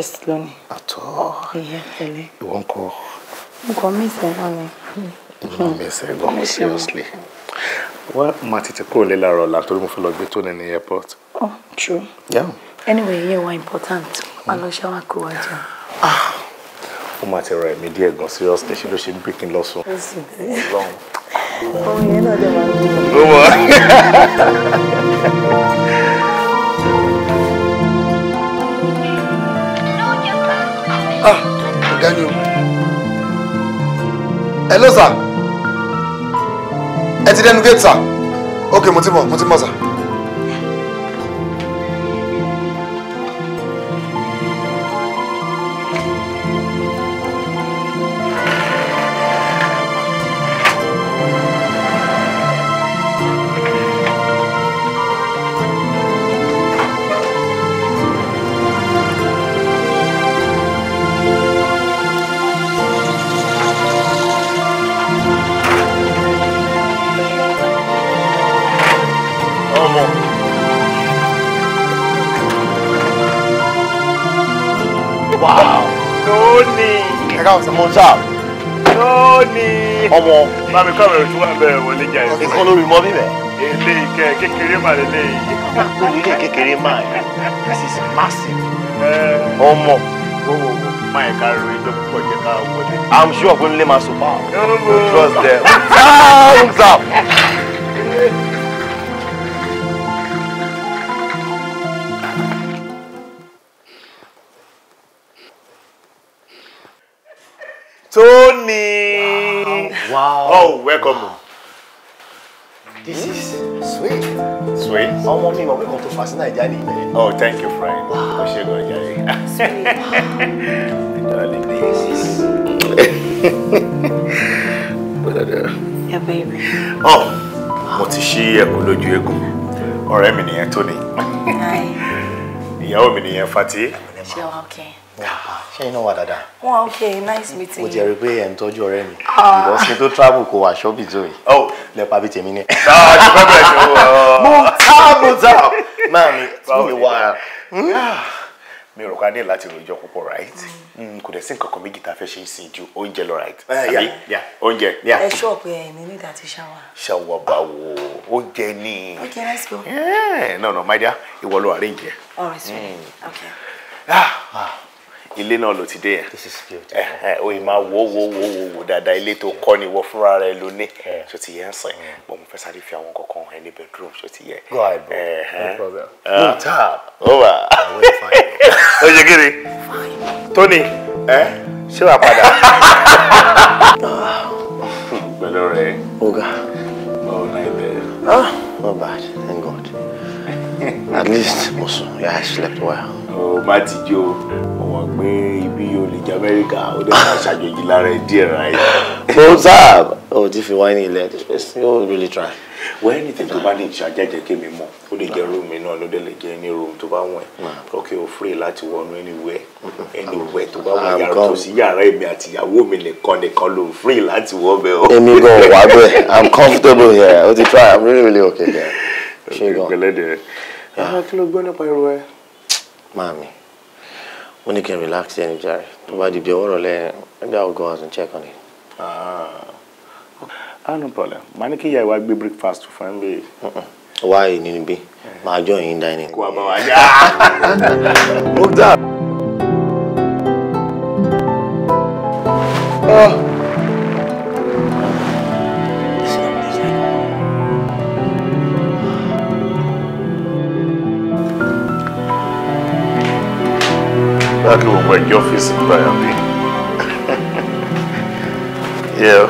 stress lónìí. àtọ ìwọ ń kọ. nǹkan mi ìṣẹ̀lẹ̀ ni. ìwọ mi ìṣẹ̀lẹ̀ gan seriously. wá màá tètè kúrò nílẹ̀ àárọ̀ ọ̀la torí mo fẹ́ lọ gbé tó ní airport. oh true. Yeah. anyway yẹ wa important wà lọ ṣáwá kó wa jẹun. Ah, ó máa ti ra ẹ̀mí díẹ̀ gan seriously ṣe ló ṣe ń bí kí n lọ sùn. ọlọ́run. ohun yẹn náà dẹ̀ máa ń bí. ọ̀gá ni o. hello sir ẹ ti dẹnu gate sir ok mo ti mọ̀ mo ti mọ̀ sir. account mo ń ṣáà. lónìí. ọmọ. bámi kọ́ àbẹ̀rẹ̀ tí wọ́n bẹ̀rẹ̀ wọlé jà ìfẹ́. ìkan lórí mọ́ bíbẹ̀. èlé ìkẹ́ kékeré mà lélẹ̀ yìí. ilé kékeré mà yẹn this is massive. Eh. ọmọ. owó máa ẹ̀ka rẹ̀ ìjọ púpọ̀ jẹ́ ká wọlé. i'm sure pé nílé máa sọ fáwọn. trust them. Wow. Oh, welcome. Wow. This is sweet. Hmm? Sweet. Ọmọ mi mọ̀ pé kan tó fà sí Nàìjíríà ní ìbẹ̀rẹ̀. Oh, thank you, friend. Ó ṣe gan jàre. Darling, this is. Yeah, baby. Oh, mo ti ṣí ẹ̀kọ́ lójú eégún. Ọ̀rẹ́ mi nìyẹn Tony. Ìyàwó mi nìyẹn Fati. Ṣé wàá kẹ́? Ah, ṣé iná wà dáadáa. wọn ok nice meeting. mo jẹ́ rí pé ẹ̀ ń tọ́jú ọ̀rẹ́ mi ah. ìbọn sí tó travel kò wá ṣọ́ọ̀bì tó yìí ọ oh. lẹ́pa bíi tèmi ni. Ah, mo ta mo ta máa mi tún mi wá. mi rò ká ní láti rojọ́ púpọ̀ right mm, kò dẹ̀ sí nǹkan kan méjì tá a fẹ́ ṣe é sí ju oúnjẹ lọ right eh, oúnjẹ. ẹ ṣọ́ pé ẹ ní nígbà tí ṣáwà. ṣáwà bá wo oúnjẹ ni. ok let's go. Eh, no no my dear ìwọ ló arrange. all right sweetie mm. okay ilé náà ló ti dé yẹn eh, eh, o yìí máa wò wò wò wò wò dáadáa ilé tó kọ́ ni wọ́n fúnra rẹ ló ní eh. ṣó ti yẹ ń sìn mm. bọ́n mo fẹ́ sáré fi àwọn kankan hàn ní bedroom ṣó ti yẹ. o ṣe kiri Tony ṣé wàá padà. pẹ̀lú rẹ̀. oga. oh my bed. ah not bad thank God at least mo sùn yeah I slept well. o oh, má ti jó mọ̀ pé ibi yóò lè jẹ́ amẹ́ríkà ó dẹ̀ máa ṣàjòjì lára ẹ ráyè. mo sá o ti fi wáyé ní ilẹ̀ this really try. wẹ́n ní tètè bá lè ṣàjẹ́jẹ́ kí mi mọ̀ ó lè jẹ́ rúùmù náà ló dẹ̀ lè jẹ́ ní rúùmù tó bá wọ̀n ẹ̀ mm. okay o free láti wọnú anywhere anywhere tó bá wọ̀n yàrá tó sí yàrá èmi àti ìyàwó mi nìkan nìkan ló free láti wọ́ bẹ́ẹ̀ o. èmi gan wà bẹ́ẹ̀ i'm comfortable here o ti try i'm really really okay there. ṣé gan. ọ̀gbẹ́lẹ́dẹ̀ẹ́ ah, kí ló gbọ́ nípa irú ẹ. máa mi. When you can relax then jàre tó bá di bí ọwọ́ maybe I go out and check on it. ah okay. Ah, no problem Man, ní kí ìyá ìwà gbé breakfast fún ẹ lè. Why you need bí My jọ in dining. kó àbáwá yá. ó dáa. I can work your office in Miami. yeah.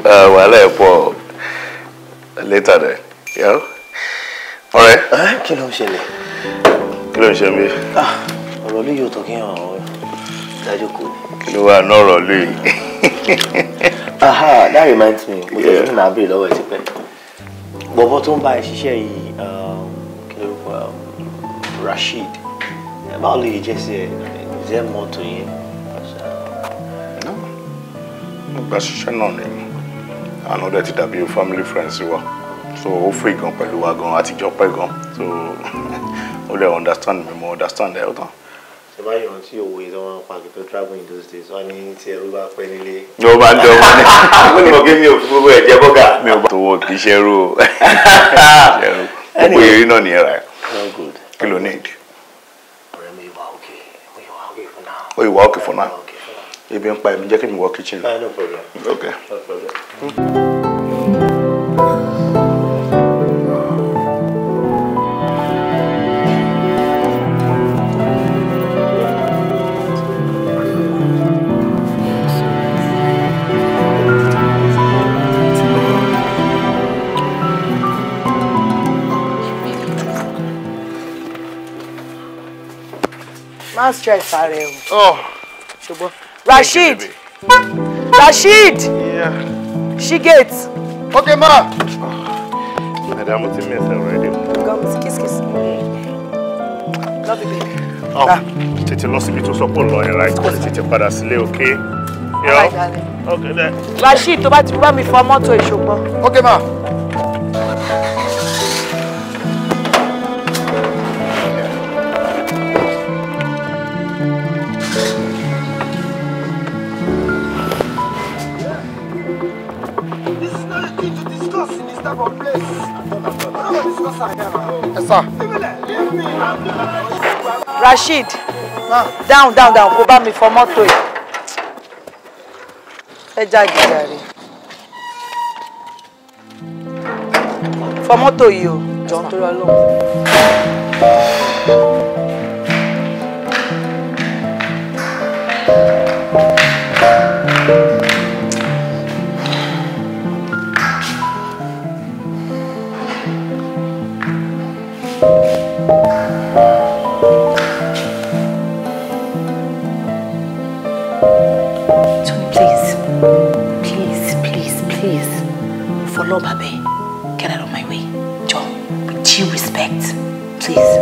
Uh, well, I'll for later then. Yeah. All right. Ah, eh, kí ló ń ṣẹlẹ̀? Kí ló ń ṣe mí? Ah, ọ̀rọ̀ lóye ò tán kí hàn ọ́ dájú kò. Kí ló wà ní ọ̀rọ̀ lóye? Aha, that reminds me, mo jẹ́ ìdúnnà àbúrò lọ́wọ́ ẹ̀ ti pẹ́. Bọ̀bọ̀ tó ń bá ẹ ṣiṣẹ́ yìí, um, kí lórúkọ um, Rasheed. About you, just báwo there more to you, ẹ ǹjẹ́ mọ́tò yẹn. mo gba ṣiṣẹ́ náà ni àná dẹ̀ be your family friends you wa so ó fẹ́ gan pẹ̀lú wa gan àtijọ́ pẹ́ gan so ó lè understand me more. understand ẹ̀ ọ̀tàn bá yọ̀ tí òwò ìtọ́ wọn pa kí tó travel in those days So I tí ẹrú bá pẹ́ nílé. yóò bá ń jọ wọn ní mo ní mo gé mi ò fi gbogbo ẹ̀ jẹ́ bọ́gà. mi ò bá tó wọ kì í ṣe ẹrú o gbogbo ó yìí wá òkè fún náà ebi ń pa ẹ̀mí jẹ́ kí mi kitchen. Ah, no problem. okay. no problem. Mm -hmm. má stress ara ẹ o. Oh. ṣùgbọ́n Rasheed Rasheed Shigate. ok ma. Oh. madam ti miss already. gums kiss kiss. love you baby. Oh, tètè lọ síbi tó sọ pé lọ yẹn láì kó tètè okay? Yeah. Okay, Rasheed Rashid, bá ti bá mi fọ mọ́tò ìṣògbọ́n. ok ma. Okay, ẹ sà. Rasheed down down down kó back me for mọ́tò yìí ẹ jáde jàre fọ you, yìí o jọ̀ọ́ please.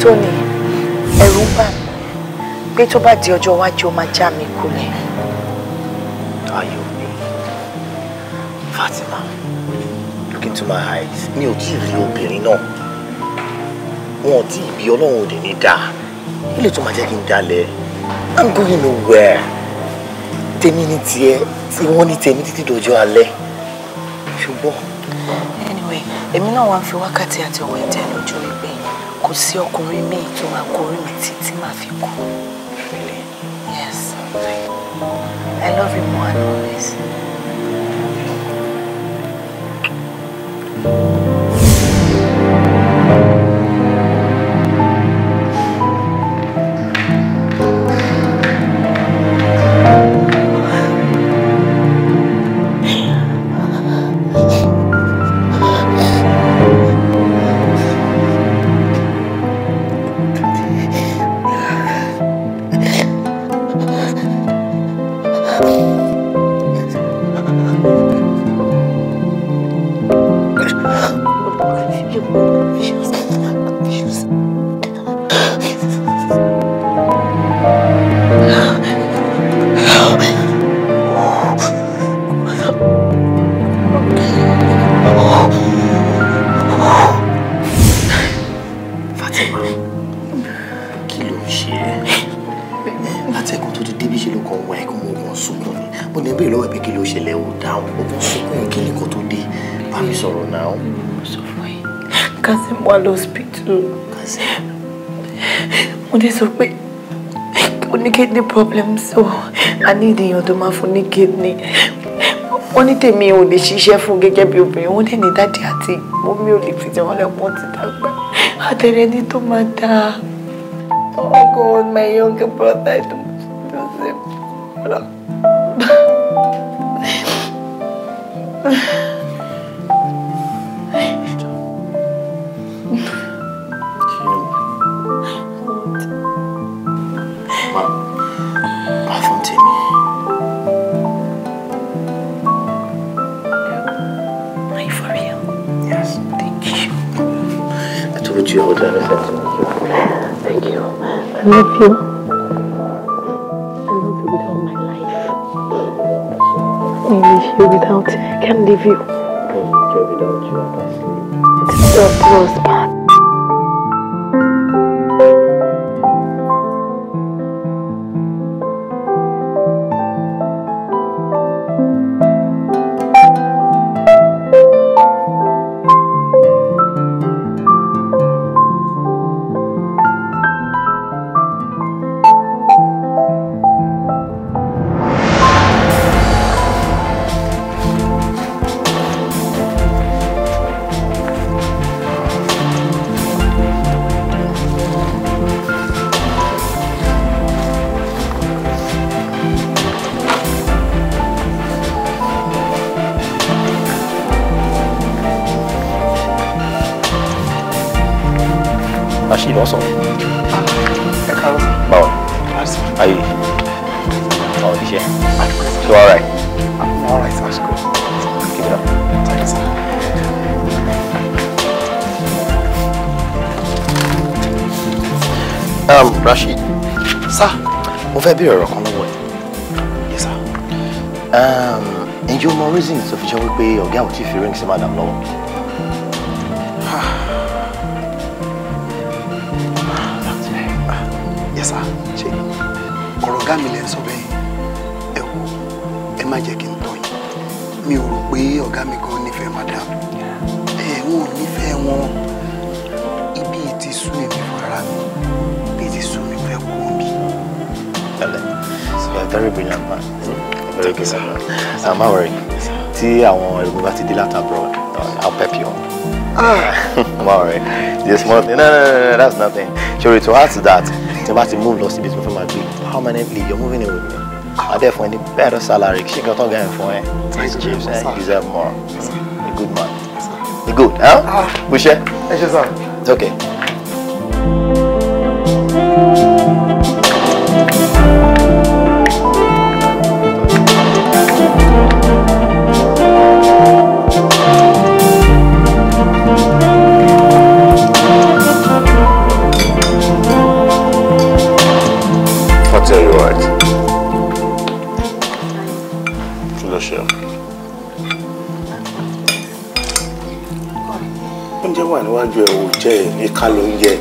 Tony, ẹ̀rù ń bà mí pé tó bá di ọjọ́ iwájú ó máa já mi kulẹ̀. Ayọ̀ mi, Fatima, look into my eyes, mi ò tí ì rí obìnrin náà wọn ò tí ọlọ́run òde ní dáa ilé tó máa jẹ́ kí n dalẹ̀ i'm going nowhere tèmi ní tiẹ̀ tí wọ́n ní tèmi títí dọjọ́ alẹ́ ṣùgbọ́n. anyway èmi náà wá ń fi wákàtí àti ọ̀wọ́ ìtẹ́ lójú wípé kò sí ọkùnrin míì tó máa gorí mi títí màá fi kú. really yes i love you more than always. thank mo dé sọ pé ó ní kidney problem so a need èèyàn tó máa fún ní kidney wọ́n ní tèmi ò lè ṣiṣẹ́ fún gẹ́gẹ́ bí obìnrin wọ́n dẹ̀ ní dáàdì àti mọ́mí ò lè fi tí wọ́n lẹ̀ pọ́n ti dàgbà àtẹ̀rẹ́ ní tó máa dáa oh god my young brother I don't do the view. Enjoy the dog, you are béèrè ọ̀rọ̀ kan lọ́wọ́ ẹ̀. yes sir. Um, ǹjẹ́ o mọ reason tó fi jẹ́ wípé ọ̀gá ò tí ì fi ring sí madam lọ́wọ́. very brilliant man very good sir i'm not worried want to go back to the latter abroad i'll pep you on i'm all right just small thing no no no no that's nothing Sure, to add to that tí wọ́n bá ti move lọ síbi tí mo fẹ́ máa gbé permanently you're moving in with me i dey for any better salary She got tó ń gẹ̀yìn fún ẹ it's you deserve more a good man a good huh? Ah. buṣẹ. ẹ ṣe sọ. it's okay. Thank you. níwájú ẹ̀ ò jẹ́ ẹ̀ ní ká ló ń jẹ.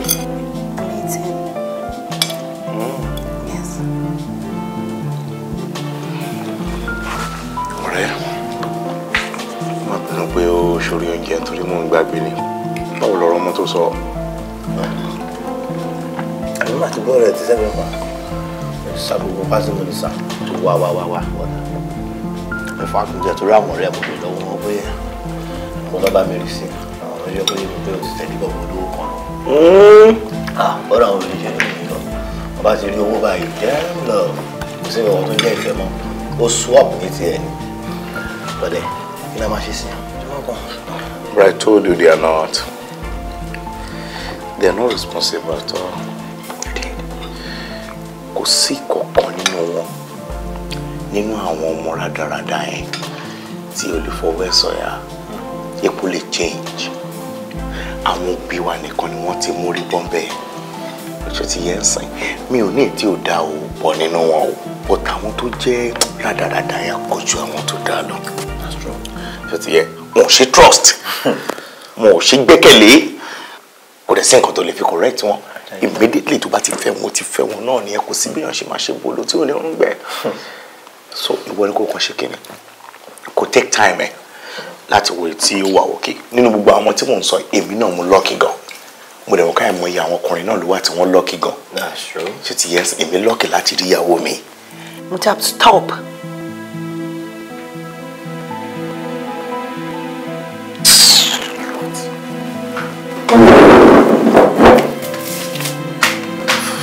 ọ̀rẹ́ má bínú pé ó ṣorí oúnjẹ torí mò ń gbàgbé ni báwo lọ̀rọ̀ ọmọ tó sọ. àmì màtí bọ́ọ̀lù ẹ̀ ti sẹ́gun pa ṣàgbogbo pásítọ̀ ní sà tó wá wá wá wá wọ́n ẹ̀fọ́ àtúnjẹ torí àwọn ọ̀rẹ́ mo lè lọ́wọ́ wọn pé mo lọ́ bá mi rí sí i rí ọkọ yẹn pé o ti fún olówó kan lọ. bọ́dà àwọn olùjẹ́ ló ń wọ́n bá ti rí owó báyìí damn love kò sí ìwọ̀n tó jẹ́ ìfẹ́ mọ́ ó swap ní tiẹ̀ ni lọ́dẹ̀ kí ló máa ṣe sí i. I told you they are not they are not responsible at all kò sí kankan nínú wọn nínú àwọn ọmọ rádaràda yẹn tí o lè epo lè change àwọn òbí wa nìkan ni wọ́n ti mórí bọ́ńbẹ́ ọjọ́ ti yẹn ń sìn mi ò ní ètí ò dá o pọ̀ nínú wọn o but àwọn tó jẹ́ rádaràda yà pọ̀ ju àwọn tó dá lọ ọjọ́ ti yẹ wọn ò ṣe trust wọn ò ṣe gbẹ́kẹ̀lé kò dẹ̀ sí nǹkan tó lè fi correct wọn immediately tó bá ti fẹ́ wọn ti fẹ́ wọn náà nìyẹn kò sí bí wọn ṣe máa ṣe bolo tí ò ní ọrùn gbẹ so ìwọ ni kò kàn ṣe kíni kò take time ẹ. Eh láti wo tí ó wà òkè nínú gbogbo àwọn tí mò ń sọ èmi náà mo lọ́ọ̀kì gan mo dẹ̀ wọ́n ká ìmọ̀ iye àwọn ọkùnrin náà ló wà tí wọ́n lọ́ọ̀kì gan ṣé ti yẹ èmi lọ́ọ̀kì láti rí ìyàwó mi. Mutab stop.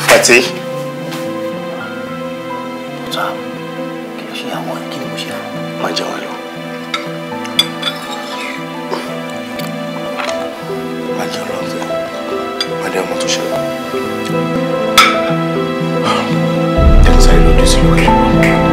Fati. Mutab kí ló ṣe àwọn kí ni mo ṣe fún. má jẹun your love. My dear Matosha. Things I know this looking.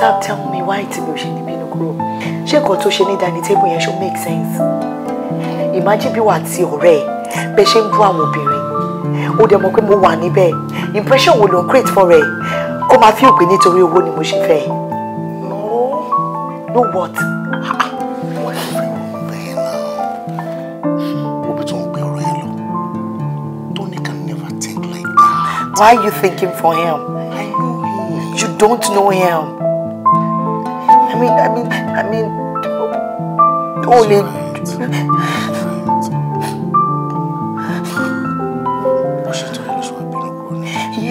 tell telling me why tí mi ò ṣe ní bínú kúrò ṣé nǹkan tó ṣe ní dining table yẹn ṣó make sense imagine bí wà á ti ọ̀rẹ́ ẹ̀ bẹ́ẹ̀ ṣe ń bú àwọn obìnrin ó dẹ̀ mọ̀ pé mo wà níbẹ̀ impression wo ló ń create for ẹ̀ kó máa fi òpin nítorí owó ni mo ṣe fẹ́ no no what. Why are you thinking for him? You don't know him. mean, I mean, I mean, Only.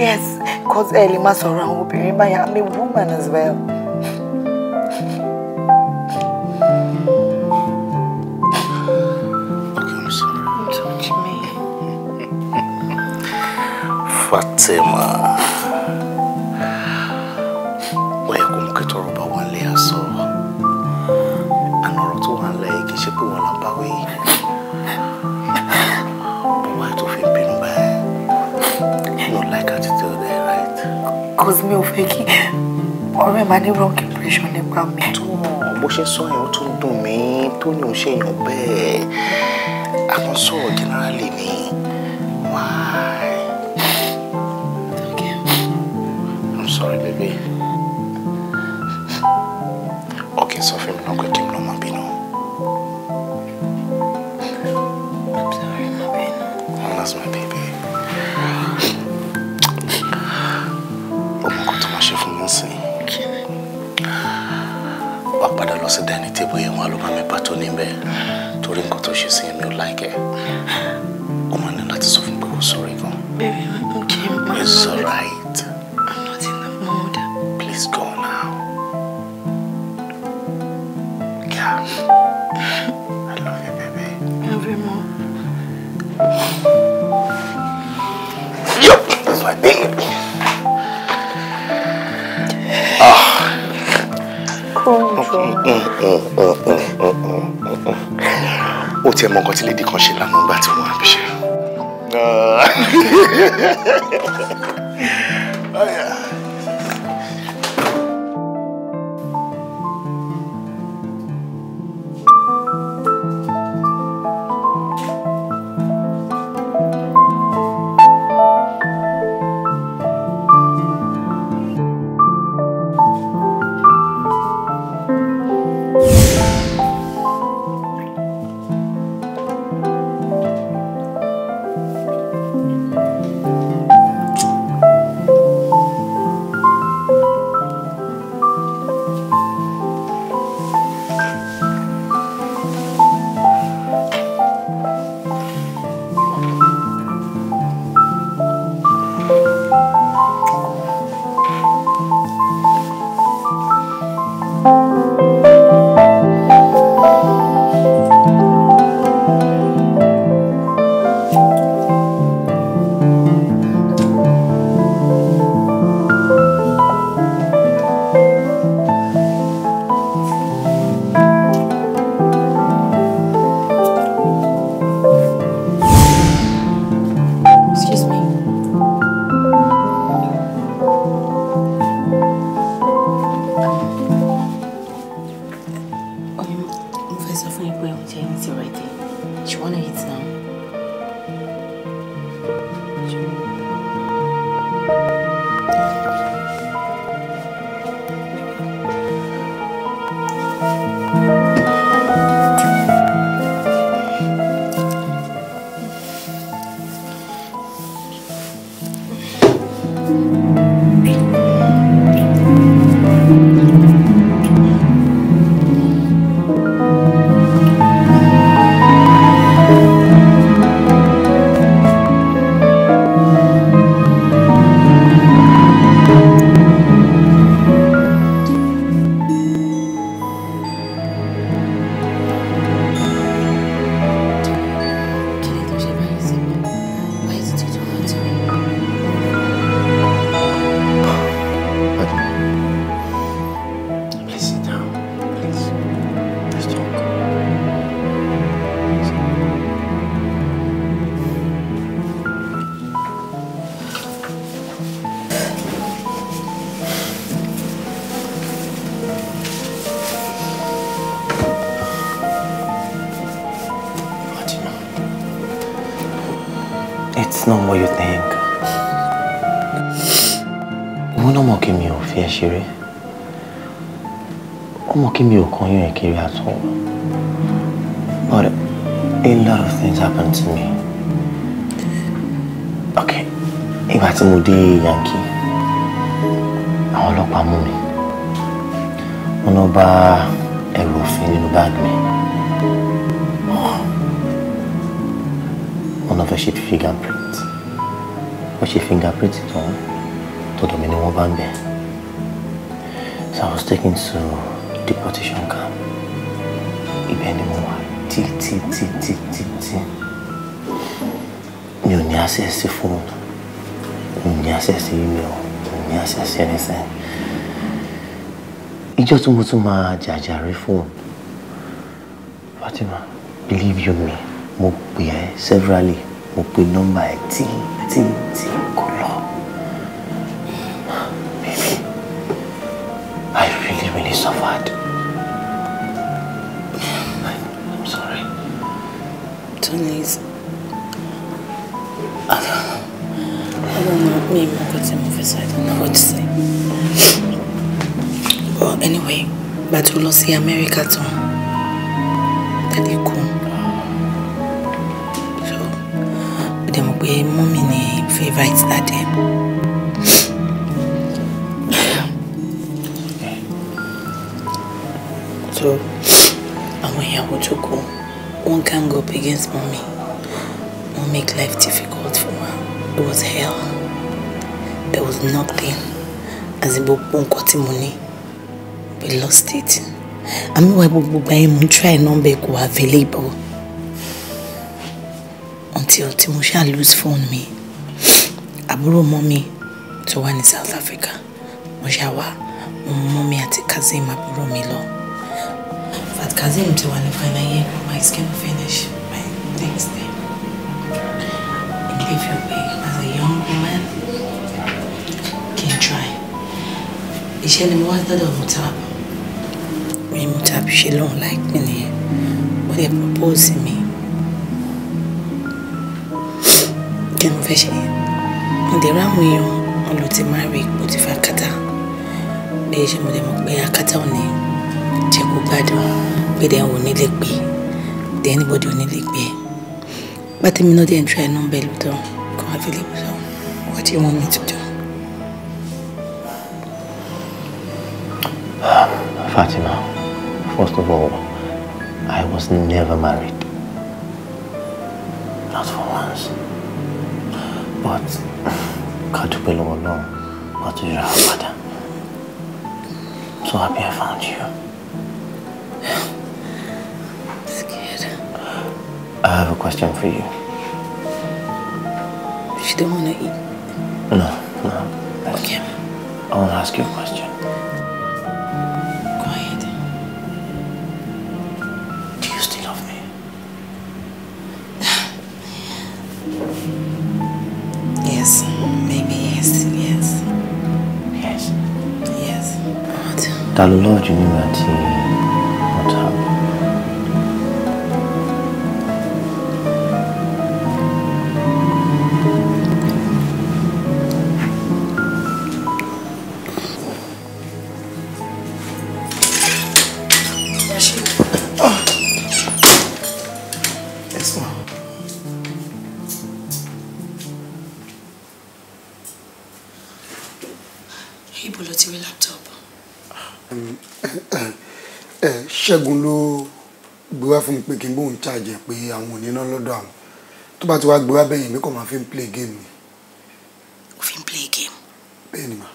Yes, cause ẹ will be sọ̀rọ̀ àwọn báyìí, I'm a woman as well. Fatima. mi ò fẹ́ kí ọ̀rẹ́ máa ní wrong impression nípa mi. tó mọ̀ bó ṣe sọ yẹn ó tún dùn mí tó ní òun ṣe èèyàn bẹ́ẹ̀ àmọ́ sọ̀rọ̀ generally ni. sí dining table yẹn wọn ló bá mi bá tó níbẹ̀ torí nǹkan tó ṣe mi ò láìkẹ́ ó máa ní láti sọ fún pé kò sórí gan. bẹ́ẹ̀ ni kí n máa lọ. it's alright. tí ẹ mọ nǹkan tí lady kan ṣe lánàá nígbà tí wọ́n á It's not what you think. Òun náà mọ̀ kí mi ò fi ẹ ṣeré. Ó mọ̀ kí mi ò kan yún ẹ But a lot of things happened to me. Okay, ìgbà tí mo dé Yankee, àwọn ọlọ́pàá mú mi. Wọ́n lọ bá ẹrù òfin nínú báàgì mi. Wọ́n lọ fẹ́ ṣe fífi gàmpé wọ́n ṣe fingerprint tán tọ̀dọ̀ mi ni wọ́n bá ń bẹ̀. So I was taken to deportation camp. Ibẹ̀ ni mo wà tí tí tí tí tí tí. Mi ò ní access fóònù, mi ò ní access email, mi ò ní access sí anything. Ìjọ́ tí mo tún máa jàjàre fóònù. Fatima, believe you me, mo pè ẹ́ severally mo I really really suffered. I'm sorry. Tony is. I don't know. Me, I got some office, confess. I don't know what to say. But anyway, gbàtú lọ sí Amẹ́ríkà tán. àti gbogbo nǹkan tí mo ní we lost it àmì wà gbogbo gbà yẹn mo ń try number kò available until tí mo ṣáà lose phone mi àbúrò mọ́ mi tó wà ní South Africa mo ṣáà wá mo mú mọ́ mi àti Kazeem àbúrò mi lọ but Kazeem ti wà ní final year my skin finish my next day If you're you as a young woman. iṣẹ́ ni mo wá dọ́dọ̀ Mutab rí Mutab ṣe lóhùn láìpẹ́ nìyẹn ó lè propose mi kí ni mo fẹ́ ṣe mo dẹ̀ ráwọn èèyàn wọn ló ti máa rí ipò tí fa kátà bẹ́ẹ̀ ṣe mo dẹ̀ mọ̀ pé akátá ò ní jẹ́ kó gbádùn pé dẹ̀ ò ní lè pè dẹ̀ anybody ò ní lè pè pátẹ́mi náà dẹ̀ ń try number lọ́dọ̀ kan available so what do you want me to Fatima, first of all, I was never married. Not for once. But, Katupelo alone, what is your father? So happy I found you. I'm scared. I have a question for you. She you don't want to eat? No, no. Okay. I want to ask you a question. ta ló ẹ ṣẹ́gun ló gbé wá fún mi pé kí n bóun charge pé àwọn ò ní ná lọ́dọ̀ àwọn tó bá ti wá gbé wá bẹ́yìn mi kò máa fi ń play game ni. o fi ń play game. bẹ́ẹ̀ ni ma.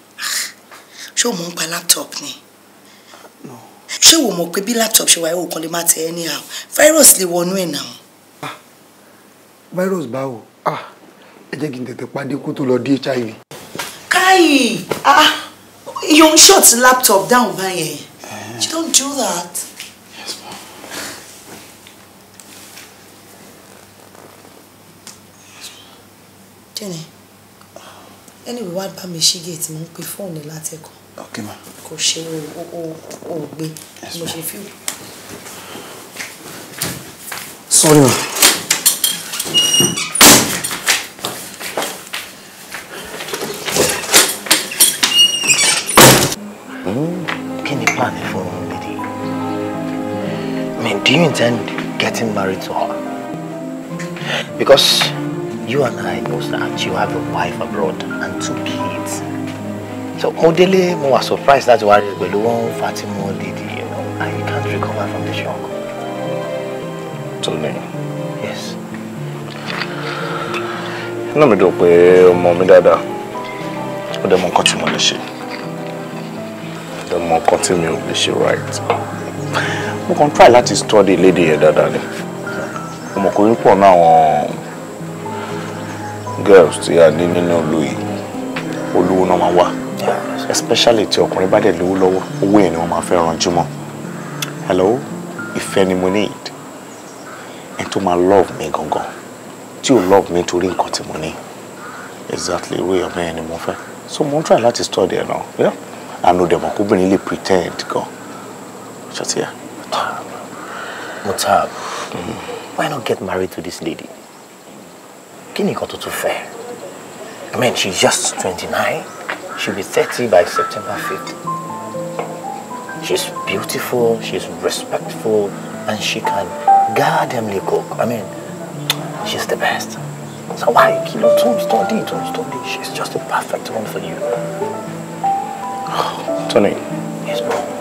ṣé o mọ̀ ń pa laptop ni. no. ṣé o mọ̀ pé bí laptop ṣe wáyé òkan lè má tẹ anyhow virus lè wọnú ẹ̀ náà. ah virus báwo ah ẹ jẹ́ kí n tètè pàdé kó tó lọ di hiv. káyì ah yòó ń ṣọ̀tì laptop dáhùn báyẹn man. You don't do that. Yes, mom. Jenny. Anyway, wá bá mi ṣí gate mo ń the latte, látẹ̀kọ́. Okay, ma. Kò ṣe o gbé. Yes, ma. Mo ṣe fíìmù. Sorry, ma. do you intend getting married to her? Because you and I know that you have a wife abroad and two kids. So Modele mo was surprised that why we pẹ̀lú Fatima lady, you know, and you can't recover from the shock. Tony. Yes. No mi dùn pé ọmọ mi dáadáa. Ó dẹ̀ mọ the tí mo lè continue Ó dẹ̀ mọ right mo kàn try láti study léde yẹn dáadáa ni ọmọkùnrin pọ̀ náà àwọn girls tí a ní nínú ìlú yìí olówó náà máa wà especially tí ọkùnrin bá dẹ̀ lówó lọ́wọ́ owó yẹn ni wọ́n máa fẹ́ ranjú mọ́ hello ìfẹ́ ni mo need ẹni tó máa love mi gangan tí ò love mi torí nǹkan tí mo ní exactly irú èèyàn bẹ́ẹ̀ ni mo fẹ́ so mo ń try láti study ẹ̀ náà àánú dẹ̀ mọ́ kóbìnrin lè pretend gan ṣọtí yà. Mutab, mm. why not get married to this lady? Can you go tó tún fair? I mean, she's just 29. She'll be 30 by September 5th. She's beautiful, she's respectful, and she can goddamnly cook. I mean, she's the best. So why kí ló tún study, tún study? She's just the perfect one for you. Tony. Yes, bro.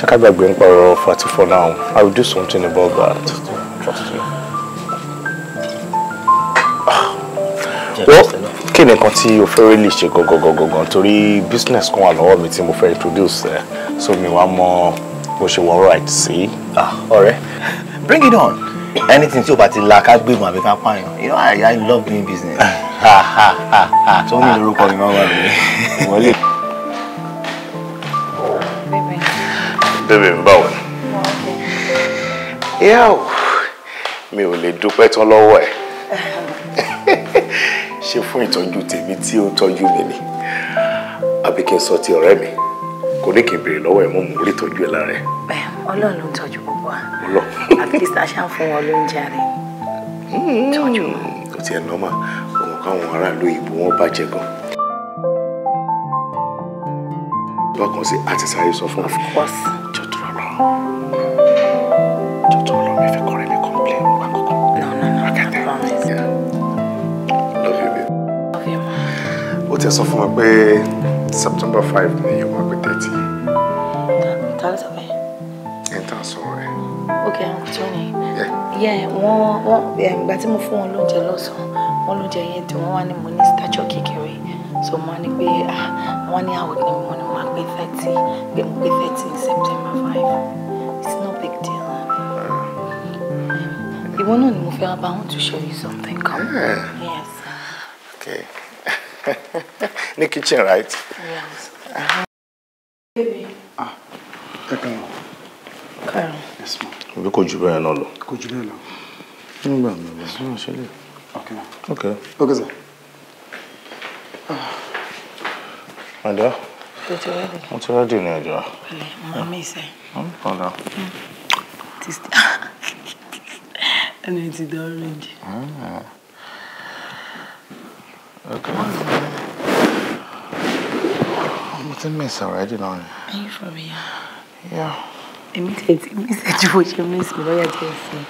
Check out that Chakaba Gwenparo Fatu for now. I will do something about that. Trust me. Ah. Well, kí ni nǹkan tí Go go go go gangan torí business kan wà lọ́wọ́ mi tí mo fẹ́ introduce ẹ so mi wá mọ bó ṣe wọ right sí. Ah, ọ̀rẹ́ bring it on anything tí o bá ti la ká gbẹ̀mọ̀ àbí ká pààyàn you know I, I love doing business. Ha ha ha. tó ní orúkọ mi máa wà nìyẹn. bébè mi báwo ni. yáò mi ò lè dúpẹ́ tán lọ́wọ́ ẹ̀ ṣe fún ìtọ́jú tèmi tí ó tọ́jú mi ni àbí kí n sọ ti ọ̀rẹ́ mi kò ní kí n béèrè lọ́wọ́ ẹ̀ mọ́ mò ń rí ìtọ́jú ẹ̀ lára ẹ̀. Eh, ọlọ́run ló ń tọ́jú gbogbo wa àfi lè ṣàṣà fún wọn lóúnjẹ rẹ̀ hmm, tọ́jú wọn kò tiẹ̀ nọ́mà òun káwọn aráàlú ìbò wọn bàjẹ́ gan. bákan sí àti sáré sọ fún mi. of course. Toto, love me if you currently complain. No, no, no. I get it. Promise. Yeah. Love you, babe. Love you, ma. Ó ti sọ fún mi pé September 5 ni yóò máa pé 30. Ta ló sọ bẹ́ẹ̀? Ẹni Okay. a sọ rẹ̀. Ok, àwọn tó ní. Yeah, wọ́n wọ́n ìgbà tí mo fún wọn lóúnjẹ lọ́sàn-án, wọ́n lóúnjẹ yẹn tí wọ́n wá ní mo ní stature kékeré. So, mo wá ní pé àwọn ah, ní àwọ̀ ni mo ní pé thirty pé mo pé thirty ní September 5. it's no big deal. ìwọ náà ni mo but I want to show you something come. Yeah. yes. okay The kitchen right. yes. baby. ah Come on. Come on. yes ma. òbí kò jù bẹ́ẹ̀ náà lọ. kò jù bẹ́ẹ̀ lọ. nígbà mi ò bá sọ́nà ṣẹlẹ̀. okay ma. okay. okay sir. Ah. Right there tó ti rẹ́dì. mo ti rẹ́dì ní ẹjọ́. ọ̀lẹ́ mo máa mí ìsẹ́. ọ̀dà. ẹni ti dán orange. Hmm. mo ti mí ìsẹ́ already náà ni. are you from yeah. èmi tẹ̀ ti mí ìsẹ́ ju bó ṣe mí ìsẹ́ lọ́yà tí ẹ sìn.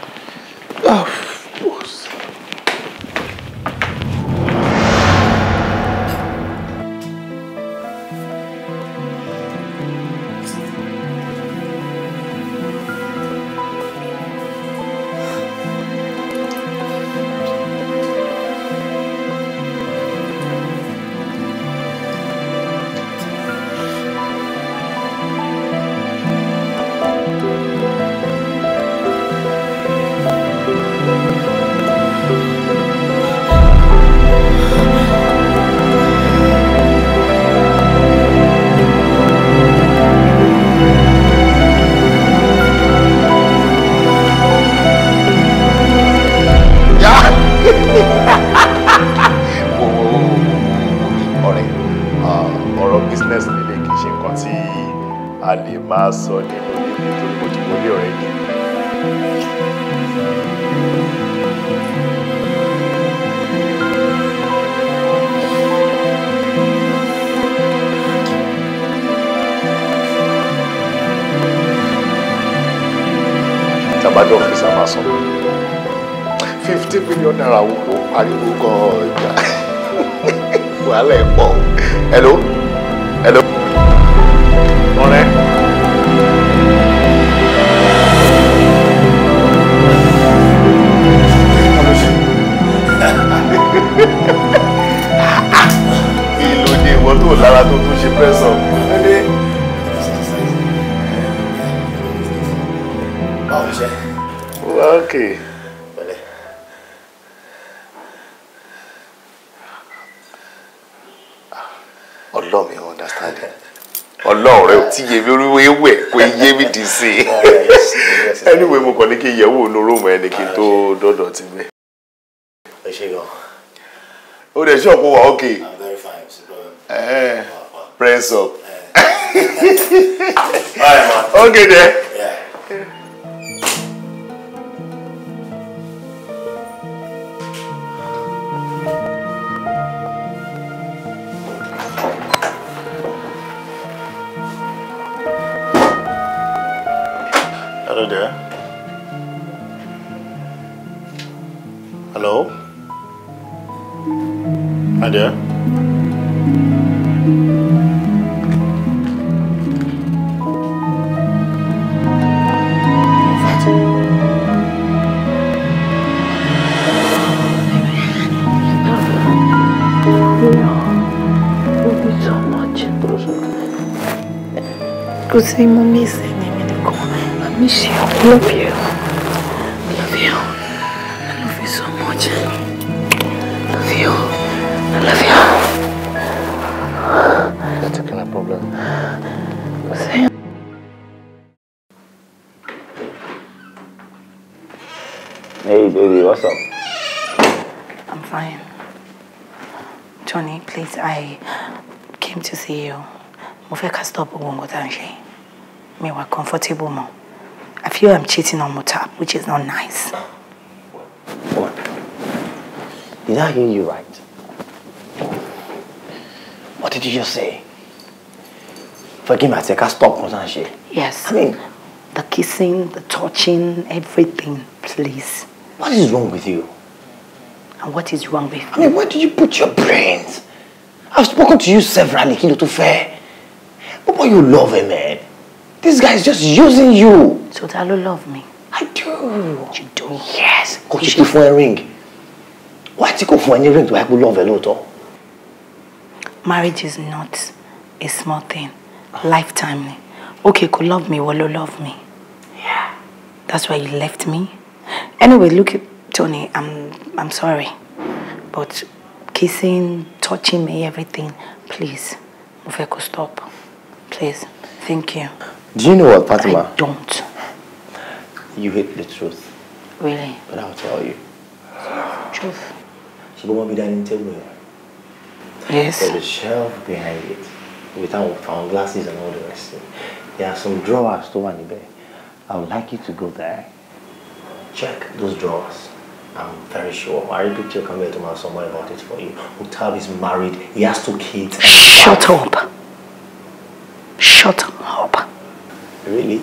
press up. báwo okay. pẹ̀lẹ́. rẹ ò tí yé mi oríwé wẹ̀ kó yé mi dì sí i mo kàn ní kí n yẹ̀wò inú rúùmù ẹni kí n tó dọ́dọ̀ ti mi. ó dẹ̀ ṣọ́ọ̀kù wa okay. I'm very press up. Alright, man. Okay, then. Yeah. say mommy's sending me the call. I miss you. I love you. I love you. I love you so much. I love you. I love you. That's a kind of problem. Hey, baby, what's up? I'm fine. Johnny, please, I came to see you. Mo fẹ́ ká stop owó nǹkan tá à ń ṣe. Me wà comfortable mọ́. I feel I'm cheating on Mutab, which is not nice. What? Did I hear you right? What did you just say? Forgive me, I take a stop, Konsanshi. Yes. I mean, the kissing, the touching, everything, please. What is wrong with you? And what is wrong with I mean, where did you put your brains? I've spoken to you severally, Kilo Tufe. But boy, you love him, eh, man. This guy is just using you. So Talo love me. I do. You do? Yes. Go tí kò for a ring. Why do you go for ní ring tó help love ẹ lóòótọ́? Marriage is not a small thing. Lifetime Okay, kò love me, will you love me. Yeah. That's why you left me. Anyway, look, Tony, I'm, I'm sorry. But kissing, touching me, everything, please. move. fẹ́ stop. Please. Thank you. Do you know what, Fatima? I don't. You hate the truth. Really? But I'll tell you. Truth. She will be dining table Yes. There's a shelf behind it. Without found glasses and all the rest There are some drawers to one there. I would like you to go there. Check those drawers. I'm very sure. I repeat you come here tomorrow somewhere about it for you. Octave is married. He has two kids. Shut up. Shut up really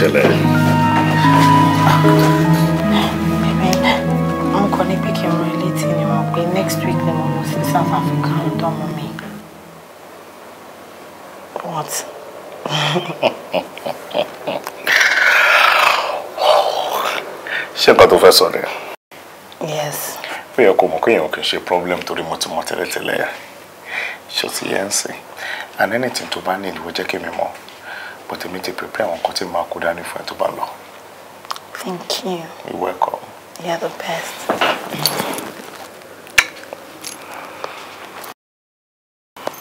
ṣẹlẹ̀. bẹ̀rẹ̀ wọn kọ ní pé kí n rán ilé tí ni mo pé next week ni mo lọ sí South Africa ń dánmọ mi. what. ṣé nǹkan tó fẹ́ sọ ni. yes. ó yẹ kó mọ̀ pé èèyàn kì í ṣe problem torí mo ti mọ̀ tẹ́lẹ̀tẹ́lẹ̀ ṣó ti yẹ ń sìn and anything tó bá nílò jẹ́ kí mi mọ̀ but èmi ti prepare àwọn nǹkan tí màá kó dání fún thank you. you're welcome. you're the best.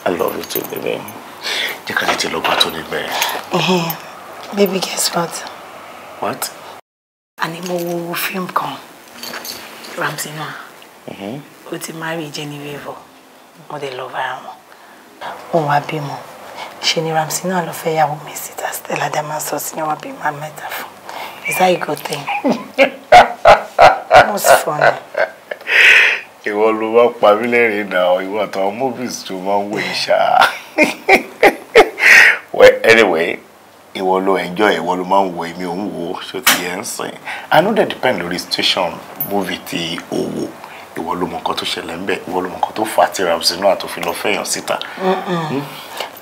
i love you too baby. You ká tètè lọ bá tó ní bẹ́ẹ̀. baby guess what. what. àní mo wo fíìmù kan Ramsey náà mm-hmm. ó ti marry Genevieve mo dé lọ bára wọn. òun wá bímọ ṣe ni Ramsey love her. fẹ́ yàwó mi sí Stella Damasos ni you bí be my metaphor. Is that a good thing? Most funny. Ìwọ want to pa mí now. náà, want our movies to man ń Well, anyway, want to enjoy, ìwọ ló máa ń wo èmi òun wo, ṣó ti yẹn ń I know that depends on the situation, movie ti owó ìwọ ló mọ nǹkan tó ṣẹlẹ̀ ńbẹ̀ ìwọ ló mọ nǹkan tó fà á tíra sínú àtòfin lọ fẹ̀yàn síta.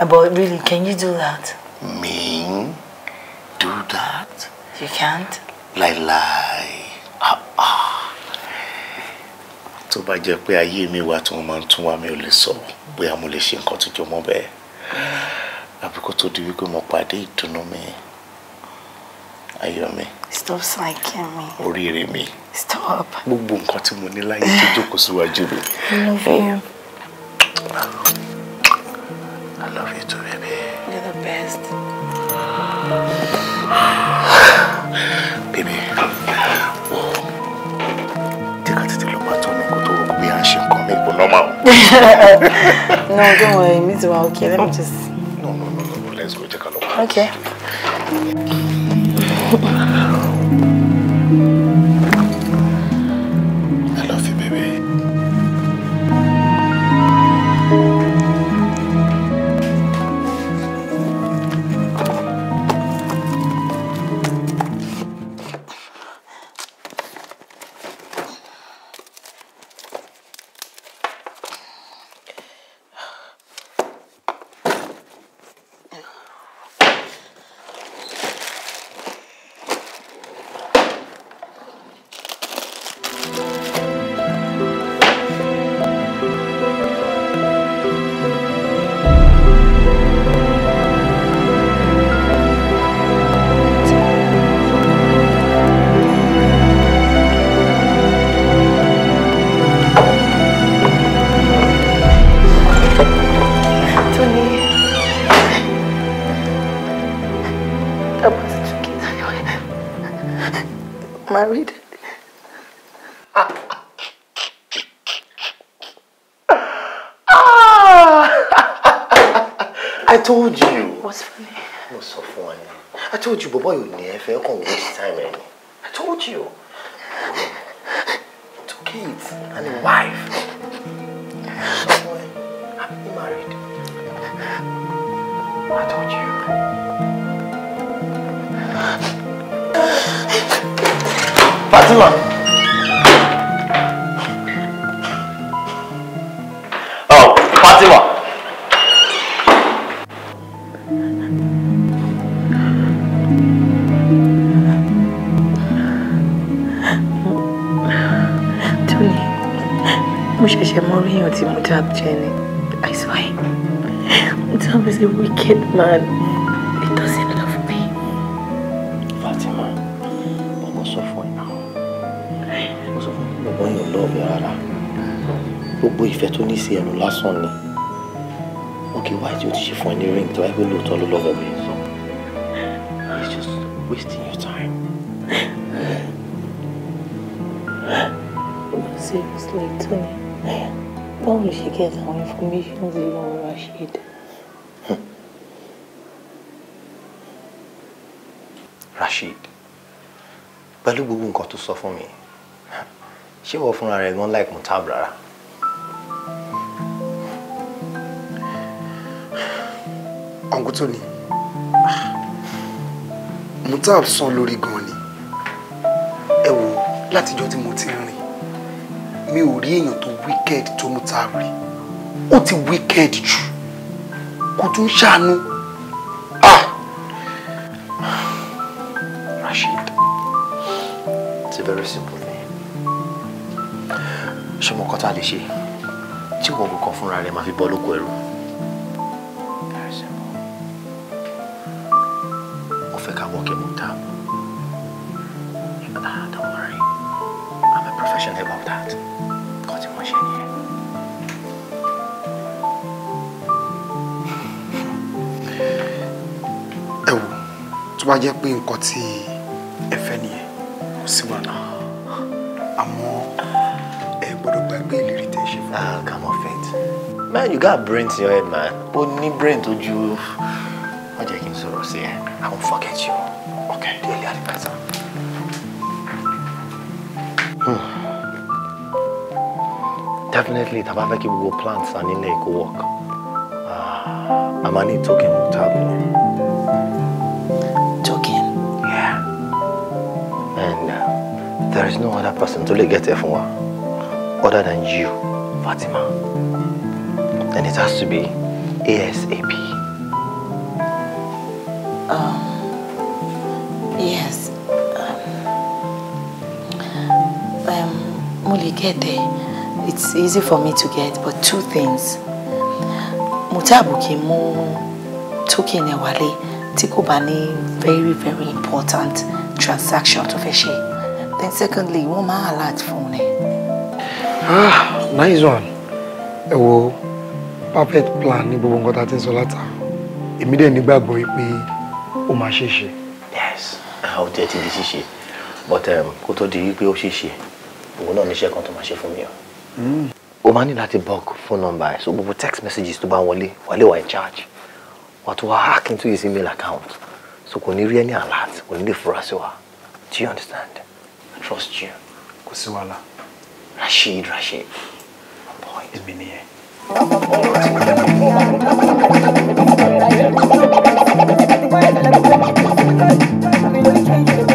but really can you do that mean do that? You can't? lie, lie. Ah ah. Tó bá jẹ́ pé ayé mi wà tí wọ́n máa ń tún wá mi ò lè sọ bóyá mo lè ṣe nǹkan tó jọ mọ́ bẹ́ẹ̀. Àbí kó tó di wípé mo pàdé ìdùnnú mi. Ayọ̀ mi. Stop psyching me. Oríire mi. Stop. Gbogbo nǹkan tí mo ní láyé tó jókòó síwájú mi. I love you. I love you too, baby best. Baby, take a look No, don't worry. Me Okay, let me just. No, no, no, no. Let's go take a look. Okay. Man, he doesn't love me. Fatima, I'm also for you now. I'm also for you. Bọ̀bọ́ yóò love you rárá. Gbogbo ìfẹ́ tó ní sí ẹnu lásán ni. Okay, why do you teach for any ring to I go lóòótọ́ ló lọ́wọ́ mi? So, he's just wasting your time. Seriously, Tony, Why ló ṣe get àwọn information zero ọ̀rọ̀ àṣírí? pẹ̀lú gbogbo nǹkan tó sọ fún mi ṣé wọ́n fúnra rẹ̀ gan láì Mutab rárá. Uncle Tony Mutab sàn lórí gan ni ẹ wò látijọ́ tí mo ti rìn mi ò rí èèyàn tó wicked tó Mutab rí ó ti wicked jù kò tún ṣàánú. nǹkan tá a lè ṣe tí wọ́n kankan fúnra rẹ̀ máa fi bọ́ lóko ẹrù. mo fẹ́ ká wọ́ọ̀kì mú tap. don't worry I'm a professional about that. nǹkan tí mo ṣe nìyẹn. ẹ wo tó bá jẹ́ pé nǹkan tí. Man, you got brains in your head, man. Ó ní brain tó ju. Má jẹ́ kí n sọ̀rọ̀ sí I won't forget you. Okay, daily earlier the better. Hmm. Definitely, tá bá fẹ́ kí gbogbo plants and ilé kó work. Ah, I'm only talking table. Talking? Yeah. And uh, there is no other person to lay get there for other than you, Fatima and it has to be ASAP. Um, yes. Um, um Muli, get there. It's easy for me to get, but two things. Mutabu ki mo toke ne wale tiko bani very very important transaction to fẹ́ Then secondly, wọ́n máa alert fún Ah, nice one. Ẹ Well, perfect plan ní gbogbo nǹkan tá a ti ń sọ látàrọ èmi dẹ̀ nígbàgbọ́ pé ó máa ṣe é ṣe. yes ah, ó tiẹ̀ ti di ṣíṣe but um, kó tó di wípé ó ṣe é ṣe òun náà níṣẹ́ kan tó máa ṣe fún mi o. Hmm. o máa ní láti block phone number ẹ̀ so gbogbo text messages tó bá wọlé wà lè wà in charge wà tó wá hack into his email account so kò ní rí any alert kò ní lè fura sí wa do you understand i trust you. kò sí wàhálà. Rashid Rashid my boy. èmi nìyẹn. Thank you.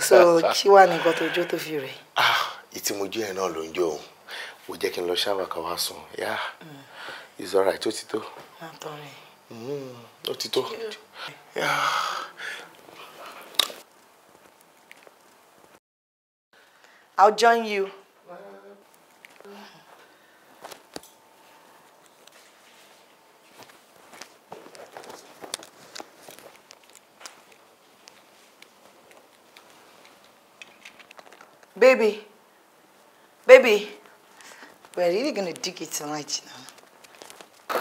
so kí wàá ní nǹkan tó tó fi rẹ̀. Ah, ìtí mo náà ló ń jó òun kò jẹ́ kí n lọ ṣáwà kan wá sùn yá mm. it's alright ti tó ó ti tó. Mm, I'll join you. Baby. Baby. We're really gonna dig it tonight, you know.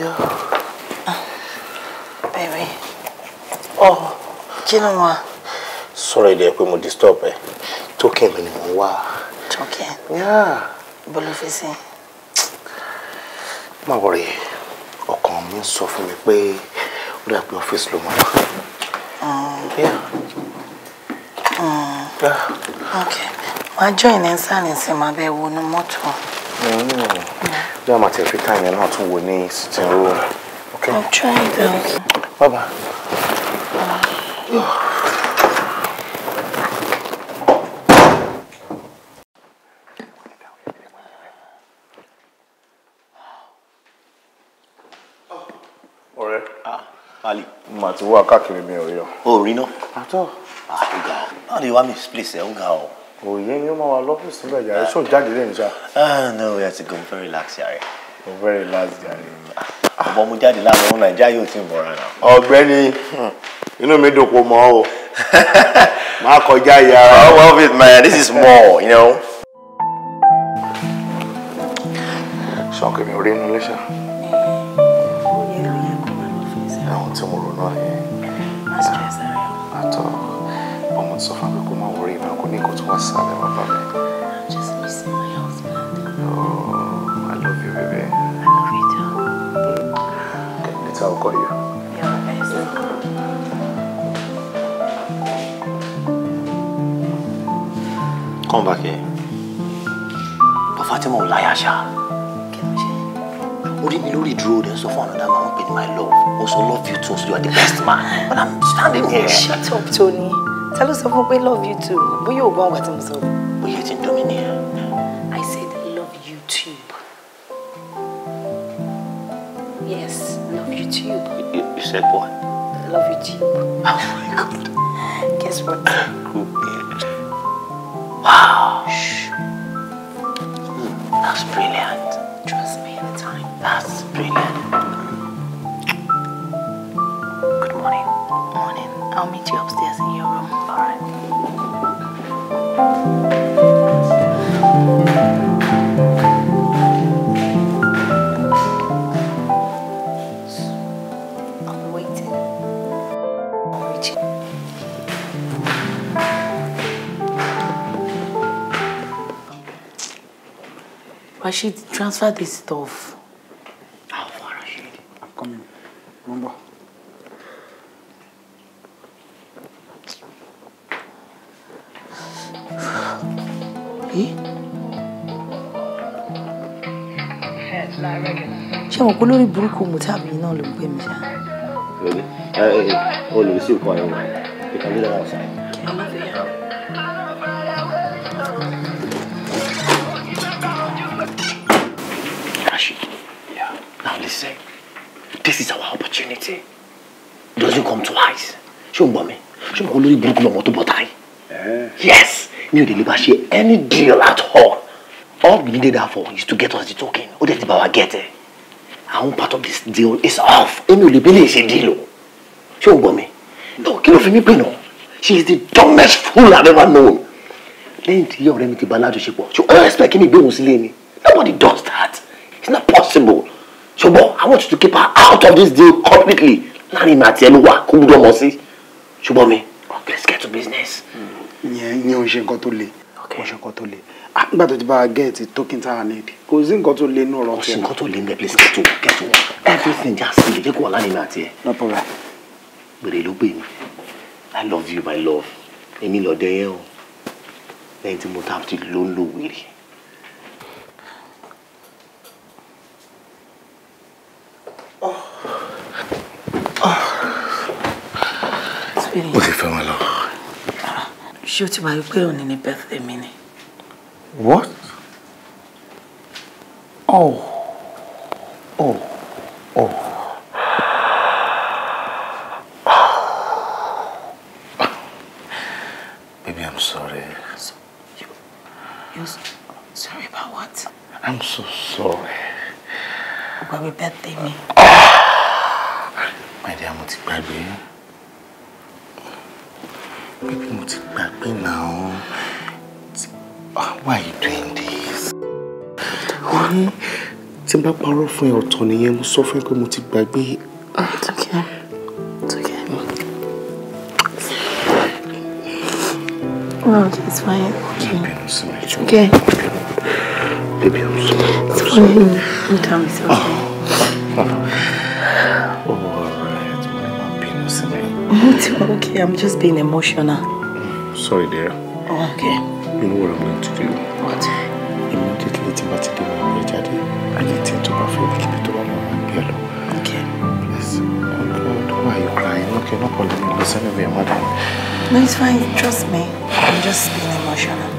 Yo. Baby. Oh, kí ló wà? Sọ̀rọ̀ ilé pé mo disturb Eh, Tókè mi ni mo wá. Yeah. Bolo fi sí. Má wọrí, ọkàn mi ń sọ fún mi pé ó dà yeah. Mm. Yeah. Uh, uh, okay. Wàá join ẹ̀ sáàlì in máa bẹ wo inú mọ́tò. Bí a máa tẹ̀ fi táyà náà tún wo ní sitting room. Okay. I'm trying to. Bye bye. Uh. Ali. Mà ti wá káàkiri mi O rí ọ. O ò rí náà. Àtọ́. Àwọn ah, ga ọ. Náà ni wá mi place ẹ̀ ń ga ọ. Òye ni ó máa wà lọ́fíìsì níbẹ̀ yàrá ṣó jáde lẹ́yìn ṣá. Ah, no, we have to go very relax yàrá. Go very relax yàrá. Ah, Ọmọ mo jáde láàárọ̀ ọ̀hún Nàìjíríà yóò ti mọ̀ra náà. Ọ̀gbẹ́ni hmm, inú mi dùn kó mọ́ o. Má kọjá yàrá. Oh well with man, this is more, you know. Sọ̀kè mi ò rí inú lẹ́sà. What's happening, my Just missing my husband. Oh, I love you, baby. I love you too. Mm. Okay, later I'll call you. Yeah, best. Come back here. But Fatima will lie, Asha. orí mi lórí ìdúró rẹ̀ So fún another man wọ́n pè my love also love you too so you are the best man but I'm standing here. shut up Tony. Tell us sọ We love you too We gbọ́n ọ̀gá tí mo sọ. bóyá ti so we dán dominate. I said love you too. Yes, love you too. You, you said what? love you too. Oh my God. Guess what? Wow. Shh. That's brilliant. Trust me at the time. That's brilliant. Good morning. Morning. I'll meet you upstairs. Rashid, transfer this stuff. How far, Rashid? I'm coming. Remember. Eh? ṣé wọn kó lórí burúkú mùtáàbì yìí náà ló gbé mi ṣá. olùsí nǹkan ẹ̀wọ̀n ìkànnì dára ọ̀sán. Now listen, this is our opportunity. It doesn't come twice. Ṣé o gbọ́ mi? Ṣé mo kọ́ lórí burúkú lọ́mọ eh. Yes, you deliver lè any deal at all. All we needed that for is to get us the token. Ó dẹ̀ ti bá wa get ẹ̀. Àwọn part of this deal is off. Any ò is a deal o. Ṣé o gbọ́ No, kí ló fi mí pè She is the dumbest fool I've ever known. Then tí ìyá ọ̀rẹ́ mi ti bá She ṣé o expect kí ni ìgbéhùn sílé Nobody does that. It's not possible ṣùgbọ́n I want you to keep her out of this deal completely láàrin mi àti ẹnu wa kó gbúdọ̀ mọ̀ sí ṣùgbọ́n mi let's get to business. ìyẹn ìyẹn ò ṣe nǹkan tó le ò ṣe nǹkan tó le ah, nígbà tó ti bá a gẹ̀ẹ́tì token tá a need kò sí nǹkan tó le inú ọ̀rọ̀ tiẹ̀. kò sí nǹkan tó le inú ẹ̀ please get to get to everything just see jẹ́ kó wà láàrin mi àti ẹ̀. no problem. gbèrè ló gbè mí I love you my love èmi lọ́dẹ yẹn o lẹ́yìn tí mo tà ti ló ń lò wèrè. mo ti fẹ́ wọn lọ. ṣé o ti wáyé pé òní ni birthday mi ni. what? oh oh oh. baby i'm sorry. So, you, you're sorry about what? i'm so sorry. o gbàgbé birthday mi. Ah! my dear mo ti gbàgbé mo ti gbàgbé náà why are you doing this? ó ní tí n bá parọ́ fún ẹ ọ̀tọ̀ nìyẹn mo sọ fún ẹ mo ti gbàgbé. It's okay. It's okay. Well, it's fine. Okay. It's okay. Baby, I'm sorry. It's fine. Don't tell me it's Oh. Okay, I'm just being emotional. Sorry, dear. Oh, okay. You know what I'm going to do? What? Immediately, Timothy gave me a daddy. I need to to my phone, keep it to my mom and pillow. Okay. Please, oh Lord, why are you crying? Okay, no problem. Listen to your mother. No, it's fine. Trust me. I'm just being emotional.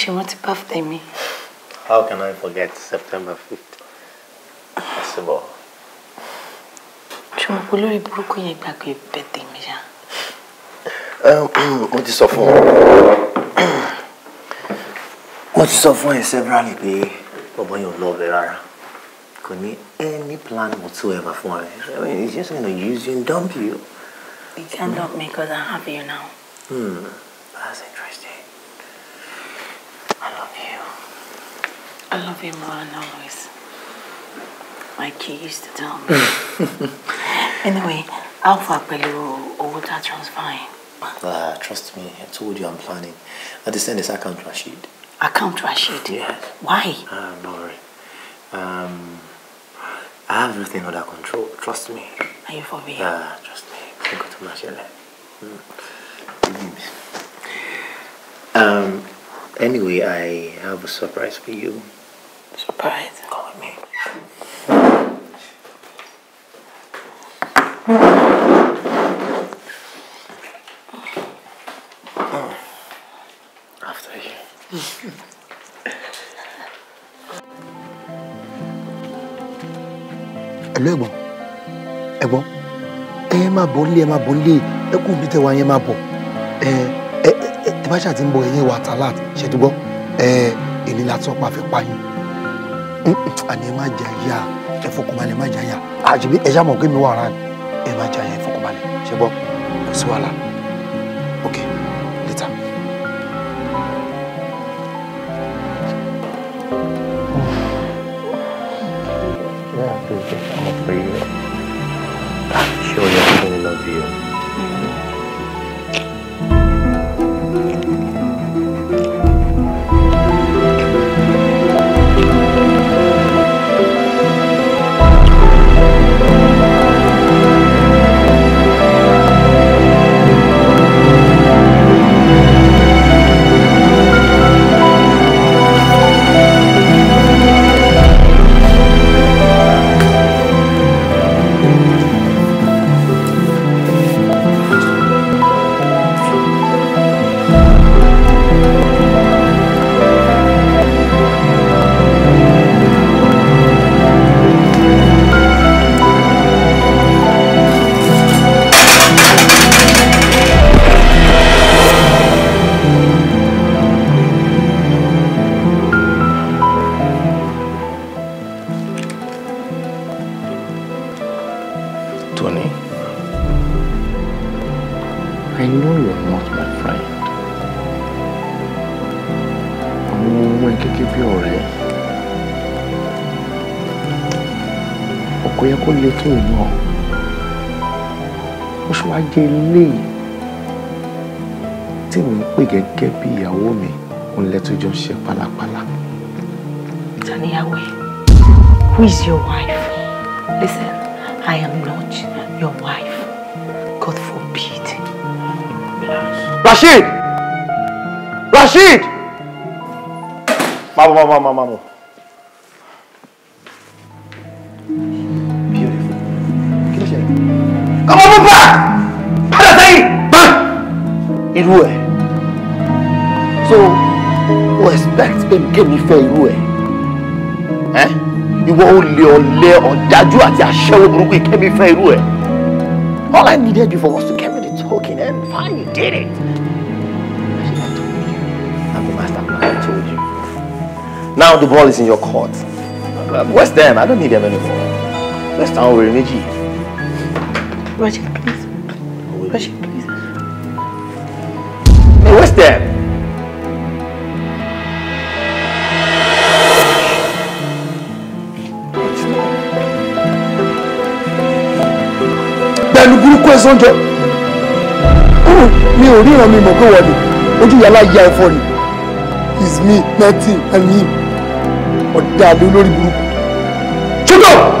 ṣe rántí birthday mi. How can I forget September 5th? Possible. Ṣùgbọ́n pé lórí burúkú yẹn gbàgbé birthday mi ṣá. Mo ti sọ fún what is Mo ti sọ fún ẹ severally pé bọ̀bọ̀ your love, ọbẹ̀ rárá. Kò ní any plan whatsoever for fún I mean, he's just gonna use you and dump you. He can't dump me because I have you now. Hmm, that's interesting. I love you more than always. Like you used to tell me. anyway, Alpha, will below or would that transpire? fine? Uh, trust me, I told you I'm planning. I just send this account Rashid. Account Rashid? Yeah. Why? Uh, ah, no worry. Um, I have everything under control. Trust me. Are you for real? Uh, trust me. Think of Mashele. Um, anyway, I have a surprise for you. Surprise. Come with me. Oh. After you. Hello, ẹ̀gbọ́n. Ẹ̀gbọ́n. Ẹ máa bọ̀ nílé, ẹ máa bọ̀ nílé. Ẹ kú bí tẹ́ wá yẹn máa bọ̀. Ẹ ẹ ẹ bá ṣáà ti ń bọ̀ ẹ̀yìn wa tàlá la tún ọ̀pá fi pa yín àní ẹ jẹ àyà ẹ fọkànbalẹ̀ jẹ àyà àjẹbí ẹ yá mọ̀ pé mi ẹ má jẹ àyà ẹ ṣe gbọ́ kò sí wàhálà ok later. Yeah, I'm afraid. I'm sure you're going to love you. eléyìí tí mi ń pè gẹ́gẹ́ bí ìyàwó mi ń lẹ́tọ́jọ́ ṣe pálapàla. ta ni ìyàwó ẹ who is your wife listen I am not your wife God forbid. Rasheed Rasheed. Mama, mama, mama, mama. irú ẹ̀ so o expect pé kémi fẹ́ irú ẹ̀ ẹ́ ìwọ olè ọ̀lẹ ọ̀dájú àti aṣẹ́wó burúkú kémi fẹ́ irú ẹ̀ all I needed you for was to give me the token and fine you did it I told you I'm the master plan I told you now the ball is in your court Where's them? I don't need them anymore West Ham wèrè méjì. Roger please oh, Roger. sóúnjẹ mi ò ríran mi mọ̀ pé wọ́n ni ojú yàrá ya ẹ̀fọ́ ni is me nothing and him ọ̀dà lórí burúkú. ṣùgbọ́n.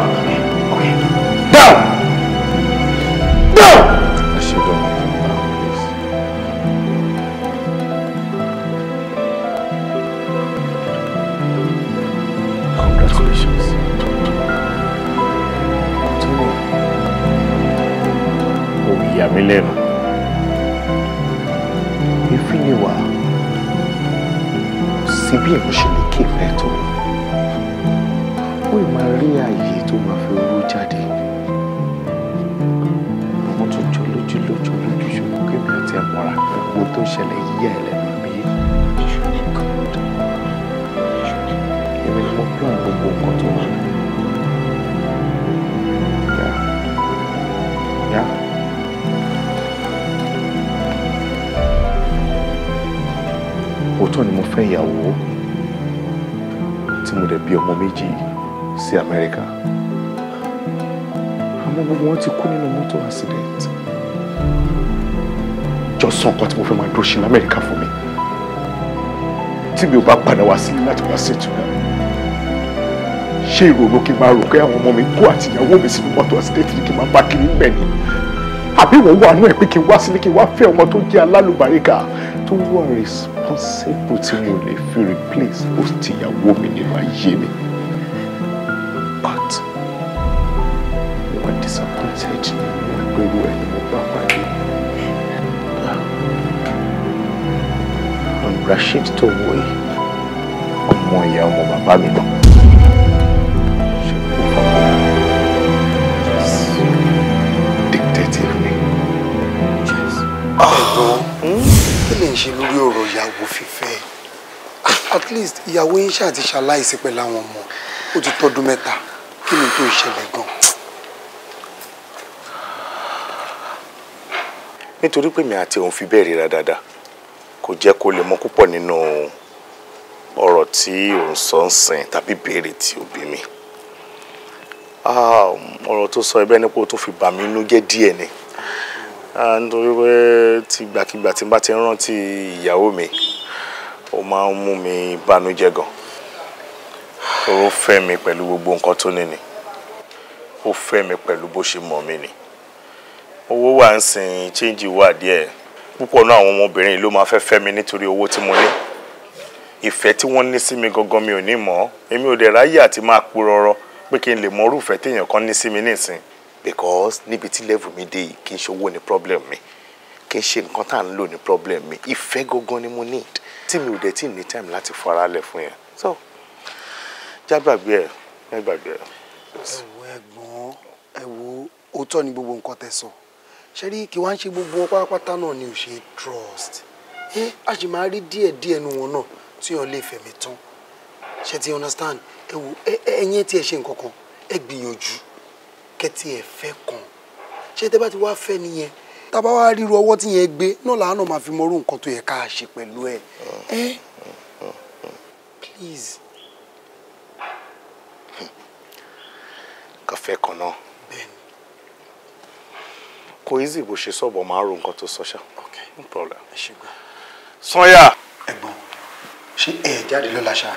òótọ́ ni mo fẹ́ ìyàwó tí mo dẹ̀ bí ọmọ méjì sí Amẹ́ríkà àmọ́ gbogbo wọn ti kú nínú mọ́tò accident jọ sọ nǹkan tí mo fẹ́ máa dúró ṣe ní Amẹ́ríkà fún mi tí mi ò bá padà wá sí láti wá sí ìtura ṣé ìrònú kí n máa rò pé àwọn ọmọ mi kú àti ìyàwó mi sínú mọ́tò accident ni kí n máa bá kiri mẹ́ ni àbí wọ́n wà nú ẹ̀ pé kí n wá sílé kí n wá fẹ́ ọmọ tó jẹ́ alálùbáríkà tó wà rẹ̀ sí responsible tí mo lè fi replace host ìyàwó mi nínú ayé mi but mo wà disappointed pé irú ẹni mo bá pàdé ọ̀n Rasheed tó wọ̀ yìí ọmọ ìyá ọmọ bàbá mi náà. me. Yes. Oh. Ah! ń ṣe lórí ọ̀rọ̀ ìyàwó fífẹ́ at least ìyàwó yín ṣáà ti ṣaláìsí pẹ̀lú àwọn ọmọ ó ti tọ́dún mẹ́ta kí ni tó ìṣẹ̀lẹ̀ gan. nítorí pé mi àti òun fi bẹ́ẹ̀ ríra dáadáa kò jẹ́ kó lè mọ púpọ̀ nínú ọ̀rọ̀ tí òun sọ ń sìn tàbí béèrè tí ó bí mi ah, ọ̀rọ̀ tó sọ ẹbẹ́ nípò tó fi bà mí inú jẹ́ díẹ̀ ni nítorí pé tìgbàkigbà tí n bá ti rántí ìyàwó mi ó máa ń mú mi bànújẹ́ gan ó fẹ́ mi pẹ̀lú gbogbo nǹkan tó ní ni ó fẹ́ mi pẹ̀lú bó ṣe mọ̀ mí ni owó wà ń sin chíńjì wà díẹ̀ púpọ̀ náà àwọn ọmọbìnrin ló máa fẹ́ fẹ́ mi nítorí owó tí mo ní ìfẹ́ tí wọ́n ní sí mi gangan mi ò ní mọ̀ èmi ò dẹ̀ ráyè àti máa purọ́rọ́ pé kí n lè mọ irúfẹ́ téèyàn kan ní sí mi nísìn because níbi tí level mi dé yìí kì ṣe owó ni problem mi kì í ṣe nǹkan tá à ń lò ní problem mi ìfẹ́ gangan ni mo need tí mi ò dẹ̀ tí ní time láti fara lẹ̀ fún yẹn so jágbàgbé ẹ̀ jágbàgbé ẹ̀. ẹ̀wọ̀ ẹ̀gbọ́n ẹ̀wọ̀ òótọ́ ni gbogbo nǹkan tẹ́ sọ ṣe rí kí wọ́n á ṣe gbogbo pátápátá náà ni ò ṣe trust ẹ a sì máa rí díẹ̀ díẹ̀ nu wọn náà tí wọn lè fẹ̀mí tán ṣe ti understand ẹ̀wọ̀ ẹ̀yẹn tí ẹ ṣe nǹkan kan ẹ gbìyànjú kẹ́tì ẹ̀ fẹ́ kàn ṣé tẹ́ bá ti wá fẹ́ nìyẹn tábà wá ríru ọwọ́ tí yẹn gbé náà làánà máa fi mọrú nǹkan tó yẹ ká ṣe pẹ̀lú ẹ̀ ẹ́ please. kàfẹ́ kan náà kò easy bó ṣe sọ̀bọ̀ máa ro nǹkan tó sọ ṣá no problem. sanya. ẹ̀gbọ́n ṣé ẹ̀ jáde lọ́la ṣáà.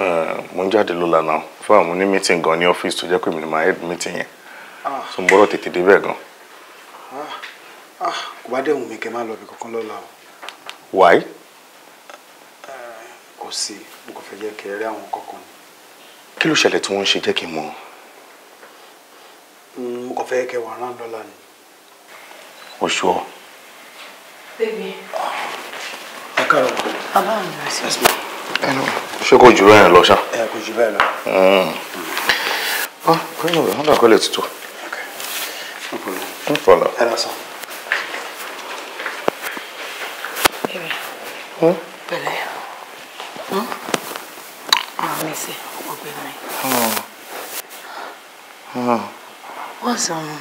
Eh, mo ń jáde ló lànà fún àwọn ní meeting gan ní office tó jẹ́ pé mi ni màá head meeting yẹn ah. so mo gbọ́dọ̀ tètè débẹ̀ gan. Ah. Ah, kò bá dẹ̀ wù mí kẹ́ máa lọ ibi kankan lọ́la o. why. Eh, kò sí mo kàn fẹ́ jẹ́ kẹ́ rí àwọn kankan. kí ló ṣẹlẹ̀ tí wọ́n ń ṣe jẹ́ kí n mọ̀. Hmm, mo kàn fẹ́ kẹ́ wà rán lọ́la ni. o sure. baby. ẹ káàárọ̀. bàbá mi ò sí ẹnu ṣé kò jù bẹ́ẹ̀ lọ ṣá. ẹ kò jù bẹ́ẹ̀ lọ. ọ hmm. bẹ́ẹ̀ ah, ni honda kọ́ lè tutù. n fọlọ. ẹ lọ sàn. pẹ̀lẹ́ ọmọ mi sí ọgbẹ mi. what's um hmm.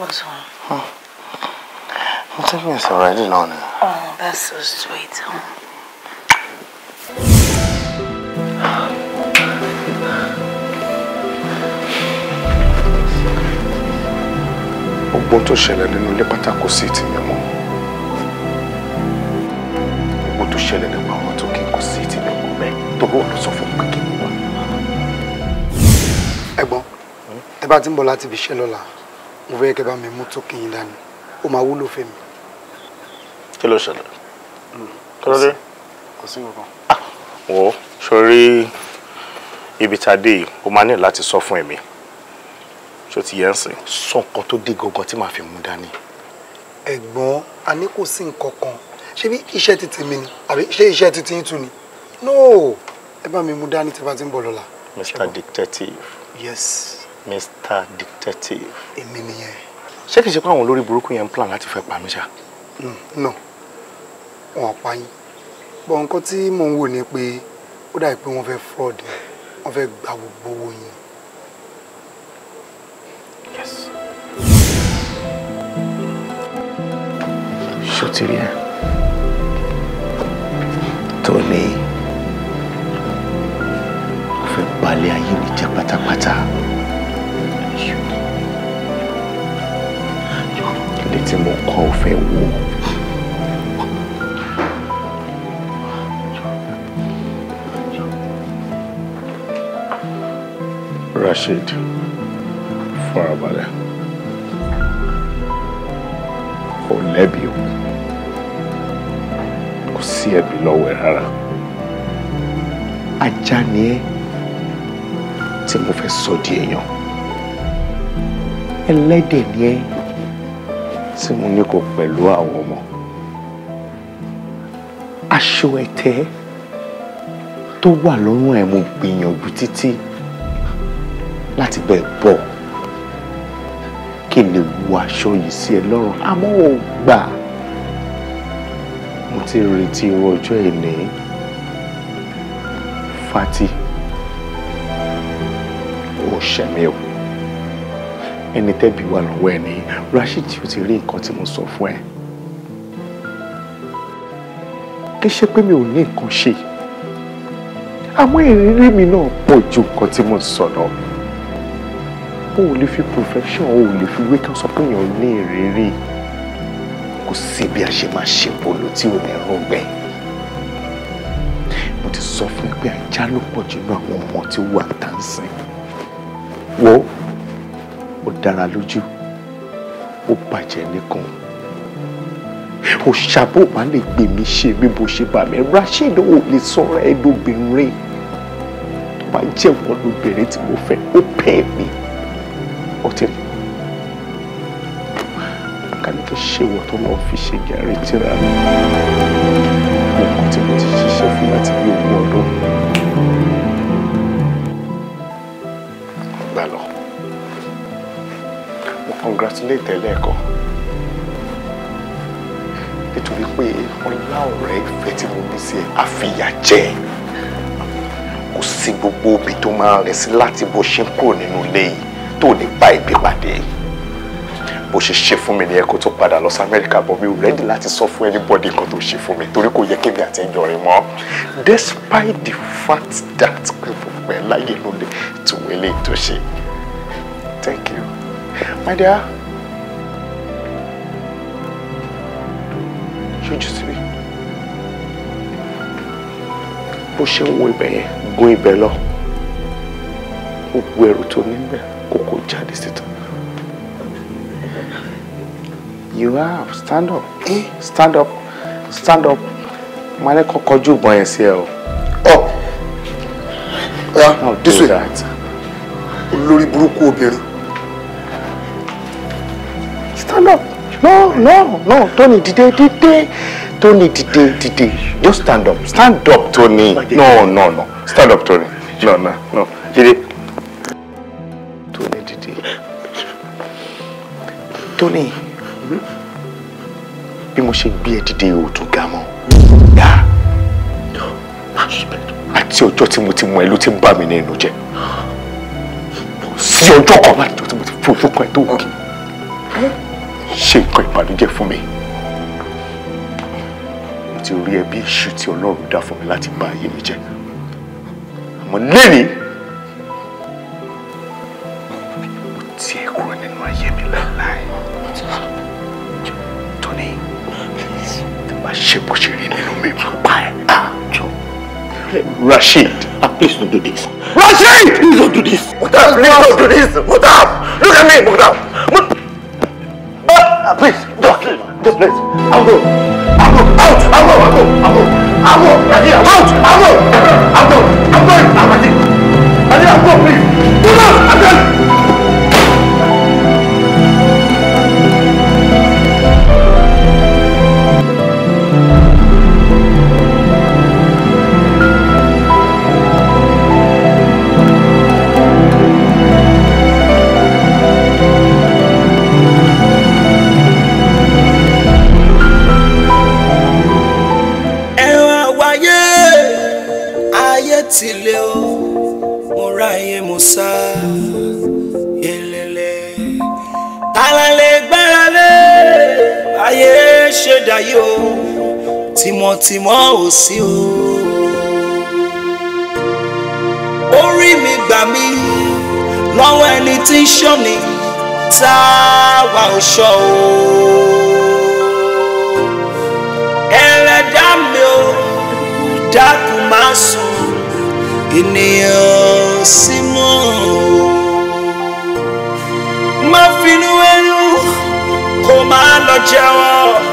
what's wrong. Huh. I'm taking already, Lorna. Oh, that's so sweet. Huh? Hmm. ọgbọ́n tó ṣẹlẹ̀ nínú ilé pátákó sí ti mi mọ́ ọgbọ́n tó ṣẹlẹ̀ nípa àwọn tó kí n kò sí ti mi mọ́ mẹ́ tọ́gbọ́n wọn ló sọ fún mi pé kí n wà. ẹ̀gbọ́n tẹ́ bá ti ń bọ̀ láti ibi iṣẹ́ lọ́la mo fẹ́ kẹ́ bá mi mú tó kí n dání ó máa wúlò fẹ́ mi. kí ló ṣẹlẹ̀ kí kò sí nǹkan. wọ́n sọ rí ibi tá a dé yìí ó máa ní láti sọ fún ẹ̀mí ṣó ti yẹn sìn. sọ nǹkan tó dé gangan tí màá fi mú dání. ẹ̀gbọ́n a ní kò sí nǹkan kan ṣé bí iṣẹ́ ti tèmi ni àbí ṣé iṣẹ́ ti ti ń tu ni no ẹ bá mi mú dání tí bá ti ń bọ̀ lọ́la. mr detective. yes. mr detective. èmi nìyẹn. ṣé kìí ṣe pé àwọn olórí burúkú yẹn ń plan láti fẹ́ pa mí ṣá. Hmm, no wọn ò pa yín bọ̀ nǹkan tí mò ń wò ni pé ó dàbí pé wọ́n fẹ́ fraud wọ́n fẹ́ gba gbogbo owó yín tìrì ẹ tó ní o fẹ́ balẹ̀ ayé mi jẹ́ pátápátá ilé tí mo kọ́ o fẹ́ wó. Rashid, farabalẹ̀. lẹ́bi o sí ẹ̀bi lọ́wọ́ ẹ̀ rárá ajá ni ẹ́ tí mo fẹ́ sọ di èèyàn ẹlẹ́dẹ̀ ni ẹ́ tí mo ní kò pẹ̀lú àwọn ọmọ aṣọ ẹ̀tẹ́ tó wà lọ́rùn ẹ̀ mo gbìyànjú títí láti bẹ́ẹ̀ bọ̀ kí n lè wo aṣọ yìí sí ẹ lọ́rùn àmọ́ ò gbà ti retí irú ọjọ́ ìní fati ó ṣẹ̀mí o ẹni tẹ́bi wà lọ́wọ́ ẹ ní Rashid tí o ti rí nǹkan tí mo sọ fún ẹ kí ṣe pé mi ò ní nǹkan ṣe àmọ́ ìrírí mi náà pọ̀ ju nǹkan tí mo sọ lọ o ò lè fi profession o ò lè fi wé sọ pé èèyàn ní ìrírí kò sí bí a ṣe máa ṣe polo tí ò ní rúgbẹ mo ti sọ fún pé ajá ló pọ̀ jù lọ àwọn ọmọ tí ó wà tá ń sìn wo ó dára lójú ó bàjẹ́ nìkan ó ṣàbò má lè gbè mí ṣe bí bó ṣe bà mí Rasheed ò lè sọ̀rọ̀ ẹ̀dọ́bìnrin tó bá jẹ́ wọn lóbìnrin tí mo fẹ́ ó pẹ́ mi ó ti rí ni ṣèwọ tó lọ fi ṣe gàrí tíra mi mo kàn tí mo ti ṣiṣẹ́ fún láti bí ogún ọdún. gbà lọ mo congratulate ẹ lẹ́ẹ̀kan nítorí pé ọlá ọ̀rẹ́ ìfẹ́ tí mo ní sí ẹ àfìyà jẹ kò sí gbogbo obì tó máa rẹ̀ sí láti bó ṣe ń kúrò nínú ilé yìí tó ní bá ibi pàdé yìí bó ṣe ṣe fún mi nìyẹn kó tó padà lọ sí amẹ́ríkà bọ̀ mi ò rẹ́dí láti sọ fún anybody nǹkan tó ṣe fún mi torí kò yẹ kébi àti ẹjọ́ rẹ mọ́ despite the fact that pé mo pẹ́ láyé lóde tó wọlé tó ṣe thank you my dear You just be bó ṣe ń wo ibẹ̀ yẹn gún ibẹ̀ lọ gbogbo ẹrù tó níbẹ̀ kókó jáde síta you have stand up eh? stand up stand up máa ní kọ́kọ́ ju ìbọn yẹn sí ẹ o. ọ oh. this way olórí burúkú obìnrin. stand up no no no Tony dìde dìde Tony dìde dìde just stand up stand up Tony no no no stand up Tony no no no dìde. Tony dìde Tony bí mo ṣe gbé ẹ dìde ò ga mọ́ dá àti ọjọ́ tí mo ti mọ ẹ ló ti ń bà mí ní inú jẹ́ sí ọjọ́ kan láti ọjọ́ tí mo ti fojú kan ẹ tó òkè ṣe nǹkan ìbànújẹ́ fún mi mo ti rí ẹ bí èṣù tí Ọlọ́run dá fún mi láti bà ayé mi jẹ́ àmọ́ lẹ́nìí. Rashid, ah, please don't do this. Rashid! Please don't do this. Mutab, please don't do this. Mutab, look at me, Mutab. Mut ah, don't kill me, Just please. I'll go. I'll go. Out. I'll go. I'll go. I'll go. I'll go. Nadia, out. I'll go. I'll go. I'm going. I'm going. I'm going. Nadia, go, please. Do I'm going. tímọ́tímọ́ ò sí o. orí mi gbà mí lọ́wọ́ ẹni tí ń ṣọ́ni tá a wà ó ṣọ́ o. ẹlẹ́dá mi ò dákun má sùn ènìyàn sí mọ́ o. finú ẹnu kó má lọ jẹ́wọ́.